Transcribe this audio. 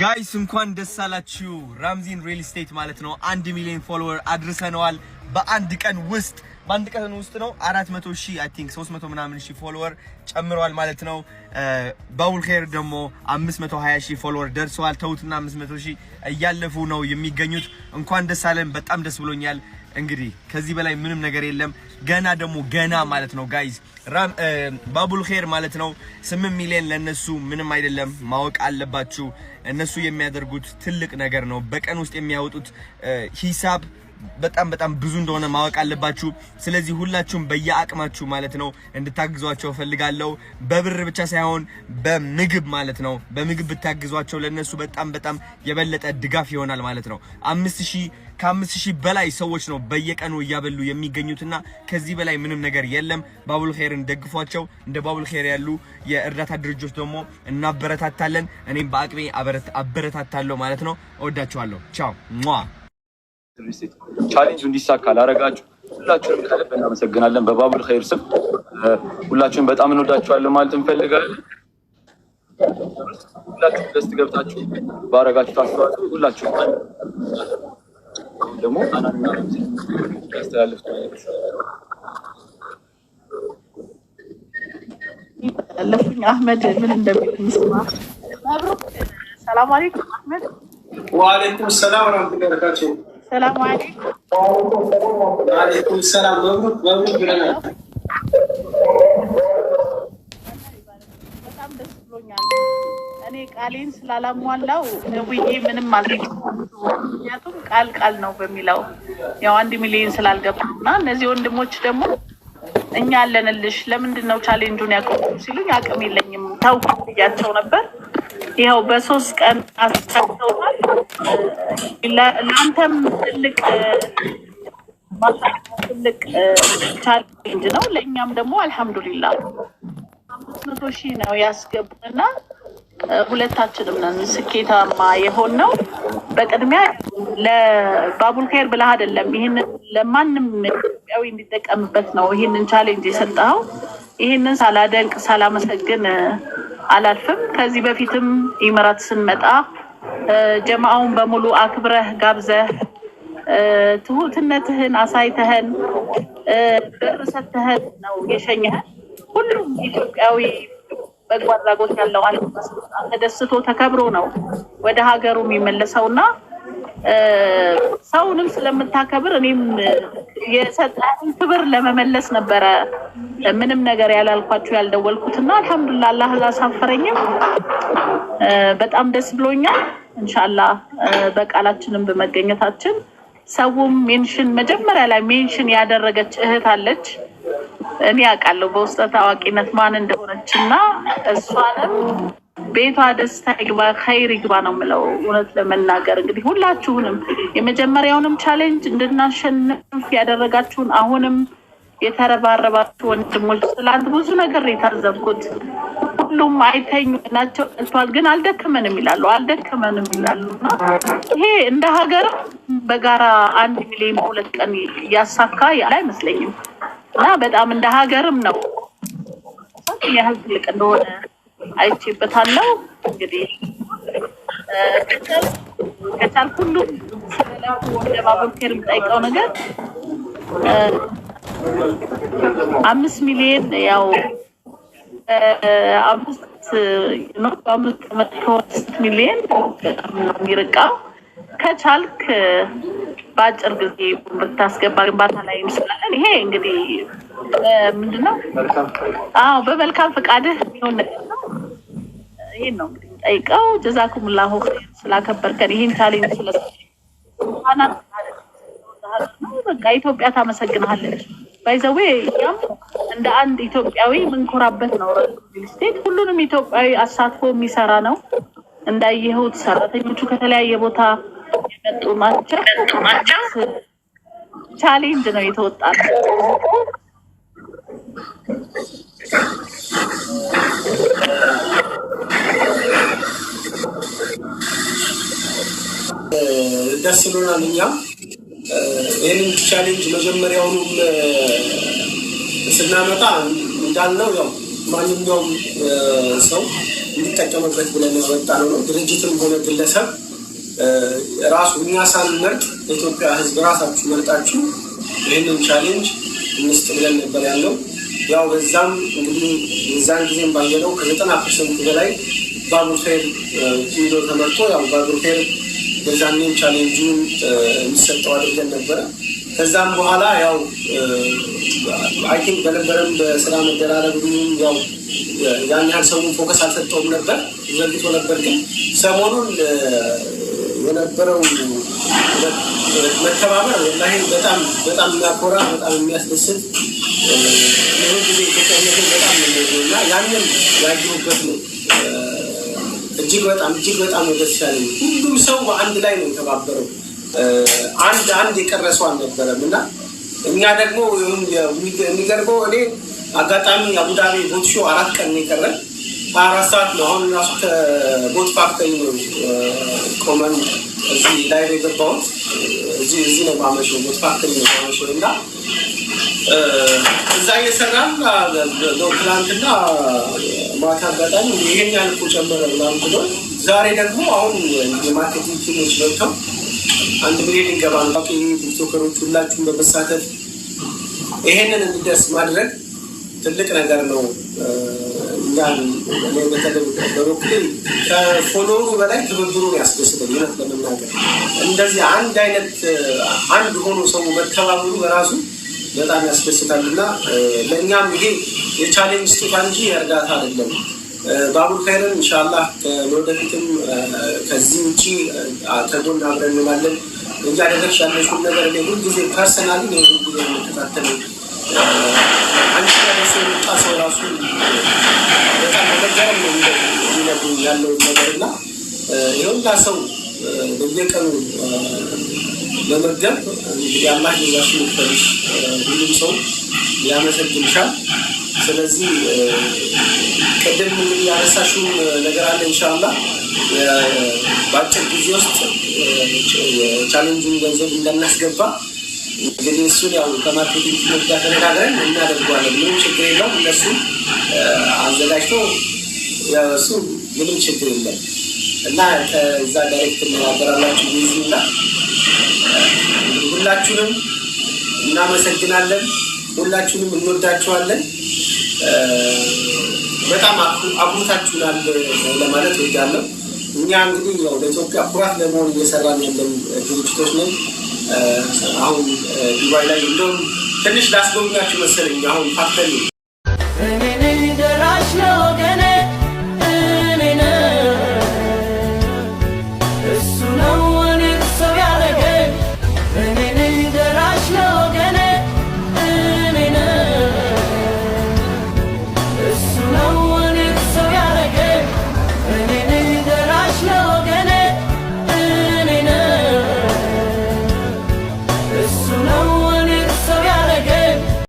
ጋይስ እንኳን ደስ አላችሁ። ራምዚን ሪል ስቴት ማለት ነው አንድ ሚሊዮን ፎሎወር አድርሰነዋል። በአንድ ቀን ውስጥ በአንድ ቀን ውስጥ ነው 400 ሺህ አይ ቲንክ 300 ምናምን ሺህ ፎሎወር ጨምረዋል ማለት ነው። ባቡል ኸይር ደግሞ 520 ሺህ ፎሎወር ደርሰዋል። ተውትና 500 ሺህ እያለፉ ነው የሚገኙት። እንኳን ደስ አለን። በጣም ደስ ብሎኛል። እንግዲህ ከዚህ በላይ ምንም ነገር የለም። ገና ደግሞ ገና ማለት ነው ጋይዝ ባቡል ኸይር ማለት ነው 8 ሚሊዮን ለነሱ ምንም አይደለም። ማወቅ አለባችሁ እነሱ የሚያደርጉት ትልቅ ነገር ነው። በቀን ውስጥ የሚያወጡት ሂሳብ በጣም በጣም ብዙ እንደሆነ ማወቅ አለባችሁ። ስለዚህ ሁላችሁም በየአቅማችሁ ማለት ነው እንድታግዟቸው እፈልጋለሁ። በብር ብቻ ሳይሆን በምግብ ማለት ነው። በምግብ ብታግዟቸው ለነሱ በጣም በጣም የበለጠ ድጋፍ ይሆናል ማለት ነው። አምስት ሺህ ከአምስት ሺህ በላይ ሰዎች ነው በየቀኑ እያበሉ የሚገኙትና ከዚህ በላይ ምንም ነገር የለም። ባቡል ኸይርን ደግፏቸው። እንደ ባቡል ኸይር ያሉ የእርዳታ ድርጅቶች ደግሞ እናበረታታለን። እኔም በአቅሜ አበረታታለሁ ማለት ነው። እወዳቸዋለሁ ቻው ሟ ቻሌንጅ እንዲሳካ ላረጋችሁ ሁላችሁንም ከልብ እናመሰግናለን። በባቡል ኸይር ስም ሁላችሁን በጣም እንወዳችኋለን ማለት እንፈልጋለን። ሁላችሁም ደስ ገብታችሁ ባረጋችሁ ታስተዋጽኦ ሁላችሁም ደግሞ ያስተላልፍ ለፉኝ አህመድ ምን እንደሚል ሰላም አለይኩም አህመድ። ወአለይኩም ሰላም ወራህመቱላሂ ወበረካቱሁ ሰላም አለይኩም በጣም ደስ ብሎኛል። እኔ ቃሌን ስላላሟላው ደውዬ ምንም አል ምክንያቱም ቃል ቃል ነው በሚለው ያው አንድ ሚሊዮን ስላልገባ እና እነዚህ ወንድሞች ደግሞ እኛ አለንልሽ ለምንድን ነው ቻሌንጁን ያቆሙ ሲሉኝ አቅም የለኝም ታውቁ ብያቸው ነበር። ይኸው በሶስት ቀን አሳውታል። ለአንተም ትልቅ ትልቅ ቻሌንጅ ነው፣ ለእኛም ደግሞ አልሐምዱሊላ አምስት መቶ ሺህ ነው ያስገቡንና ሁለታችንም ነን ስኬታማ የሆን ነው። በቅድሚያ ለባቡል ኸይር ብለህ አይደለም፣ ይህንን ለማንም ኢትዮጵያዊ የሚጠቀምበት ነው። ይህንን ቻሌንጅ የሰጠኸው ይህንን ሳላደንቅ ሳላመሰግን አላልፍም። ከዚህ በፊትም ኢምራት ስንመጣ ጀማአውን በሙሉ አክብረህ ጋብዘህ ትሁትነትህን አሳይተህን ብር ሰተህን ነው የሸኘህን። ሁሉም ኢትዮጵያዊ በጎ አድራጎት ያለው አለ ተደስቶ ተከብሮ ነው ወደ ሀገሩ የሚመለሰው እና ሰውንም ስለምታከብር እኔም የሰጠህን ክብር ለመመለስ ነበረ ምንም ነገር ያላልኳችሁ ያልደወልኩትና አልሐምዱላ አላህ አላሳፈረኝም። በጣም ደስ ብሎኛል። እንሻላ በቃላችንም በመገኘታችን ሰውም ሜንሽን መጀመሪያ ላይ ሜንሽን ያደረገች እህት አለች። እኔ ያውቃለሁ በውስጠ ታዋቂነት ማን እንደሆነች እና እሷንም ቤቷ ደስታ ይግባ ኸይር ይግባ ነው የምለው። እውነት ለመናገር እንግዲህ ሁላችሁንም የመጀመሪያውንም ቻሌንጅ እንድናሸንፍ ያደረጋችሁን አሁንም የተረባረባችሁ ወንድሞች ትላንት ብዙ ነገር የታዘብኩት ሁሉም አይተኙ ናቸው እሷል ግን አልደከመንም ይላሉ፣ አልደከመንም ይላሉ። ይሄ እንደ ሀገር በጋራ አንድ ሚሊዮን በሁለት ቀን እያሳካ ያለ አይመስለኝም እና በጣም እንደ ሀገርም ነው ያህል ትልቅ እንደሆነ አይቼበታለሁ። እንግዲህ ከቻል ሁሉም ስለላ ወደ ባበብ ከር የምጠይቀው ነገር አምስት ሚሊዮን ያው አምስት ነው በአምስት ዓመት ከሆነ ሚሊዮን በጣም ነው የሚርቃው። ከቻልክ በአጭር ጊዜ ብታስገባ ግንባታ ላይ ምስላለን። ይሄ እንግዲህ ምንድነው? አዎ በመልካም ፈቃድህ የሚሆን ነገር ነው። ይህን ነው እንግዲህ ጠይቀው። ጀዛኩም ላሁ ስላከበርከን ይህን ቻሌንጅ ስለ በቃ ኢትዮጵያ ታመሰግናለች። ባይዘዌ እኛም እንደ አንድ ኢትዮጵያዊ ምንኮራበት ነው። ሪልስቴት ሁሉንም ኢትዮጵያዊ አሳትፎ የሚሰራ ነው። እንዳየሁት ሰራተኞቹ ከተለያየ ቦታ የመጡ ናቸው። ቻሌንጅ ነው የተወጣ ደስ ይሉናል እኛም ይህንን ቻሌንጅ መጀመሪያውንም ስናመጣ እንዳልነው ያው ማንኛውም ሰው እንዲጠቀምበት ብለን ያወጣ ነው ነው ድርጅትም ሆነ ግለሰብ ራሱ እኛ ሳንመርጥ የኢትዮጵያ ሕዝብ ራሳችሁ መርጣችሁ ይህንን ቻሌንጅ እንስጥ ብለን ነበር ያለው። ያው በዛም እንግዲህ የዛን ጊዜም ባየነው ከዘጠና ፐርሰንት በላይ ባቡር ፌር ኪሎ ተመርጦ ያው ባቡር ፌር የዛኔም ቻሌንጁን የሚሰጠው አድርገን ነበረ። ከዛም በኋላ ያው አይቲንክ በነበረም በስራ መደራረብ ያው ያን ያህል ሰው ፎከስ አልሰጠውም ነበር፣ ዘግቶ ነበር። ግን ሰሞኑን የነበረው መተባበር ወላሂ በጣም በጣም የሚያኮራ በጣም የሚያስደስት ይህን ጊዜ ኢትዮጵያነትን በጣም ነው እና ያንን ያየሁበት እጅግ በጣም እጅግ በጣም ወደተሻለ ሁሉም ሰው በአንድ ላይ ነው የተባበረው። አንድ አንድ የቀረ ሰው አልነበረም እና እኛ ደግሞ የሚገርበው እኔ አጋጣሚ አቡዳቢ ቦት ሾው አራት ቀን የቀረ አራት ሰዓት ነው። አሁን ራሱ ከቦት ፓርተኝ ነው ቆመን እዚህ ላይ ነው የገባሁት። እዚህ እዚህ ነው ማመሸው ቦት ፓርተኝ ነው ማመሸው እና እዛ እየሰራን ትላንትና ማታ አጋጣሚ ይሄን ያልኩ ጨመረ ምናምን ብሎ ዛሬ ደግሞ አሁን የማርኬቲንግ ቲሞች ገብተው አንድ ሚሊዮን ይገባል። ታዋቂ ቲክቶከሮች ሁላችሁም በመሳተፍ ይሄንን እንዲደርስ ማድረግ ትልቅ ነገር ነው። እኛን በተለይ በበኩል ከፎሎሩ በላይ ትብብሩ ያስደስተኝ እውነት ለመናገር እንደዚህ አንድ አይነት አንድ ሆኖ ሰው መተባበሩ በራሱ በጣም ያስደስታል እና ለእኛም ይሄ የቻሌንጅ ስጦታ እንጂ የእርዳታ አይደለም። በአቡል ኸይርን እንሻላ ለወደፊትም ከዚህ ውጭ ተጎን አብረን እንላለን። እያደረግሽ ያለሽውን ነገር እኔ ሁልጊዜ ፐርሰናሊ ሁልጊዜ የምከታተለው። አንቺ ያለሱ የመጣ ሰው ራሱ በጣም መገረም ነው የሚነግሩኝ ያለውን ነገር እና የሁላ ሰው በየቀኑ በመገብ እንግዲህ አላህ የዛሱ ይፈልሽ ሁሉም ሰው ያመሰግንሻል። ስለዚህ ቅድም እንግዲህ ያነሳሽው ነገር አለ እንሻላ በአጭር ጊዜ ውስጥ ቻሌንጁን ገንዘብ እንደናስገባ እንግዲህ እሱን ያው ከማርኬቲንግ ጋ ተነጋግረን እናደርጓለን። ምንም ችግር የለም። እነሱ አዘጋጅተው እሱ ምንም ችግር የለም እና ከዛ ዳይሬክት እናገራላችሁ ና ሁላችሁንም እናመሰግናለን። ሁላችሁንም እንወዳችኋለን። በጣም አኩርታችሁናል ለማለት እወዳለሁ። እኛ እንግዲህ ያው ለኢትዮጵያ ኩራት ለመሆን እየሰራን ያለን ድርጅቶች ነን። አሁን ዱባይ ላይ እንደውም ትንሽ ላስጎብኛችሁ መሰለኝ አሁን ፓርተኒ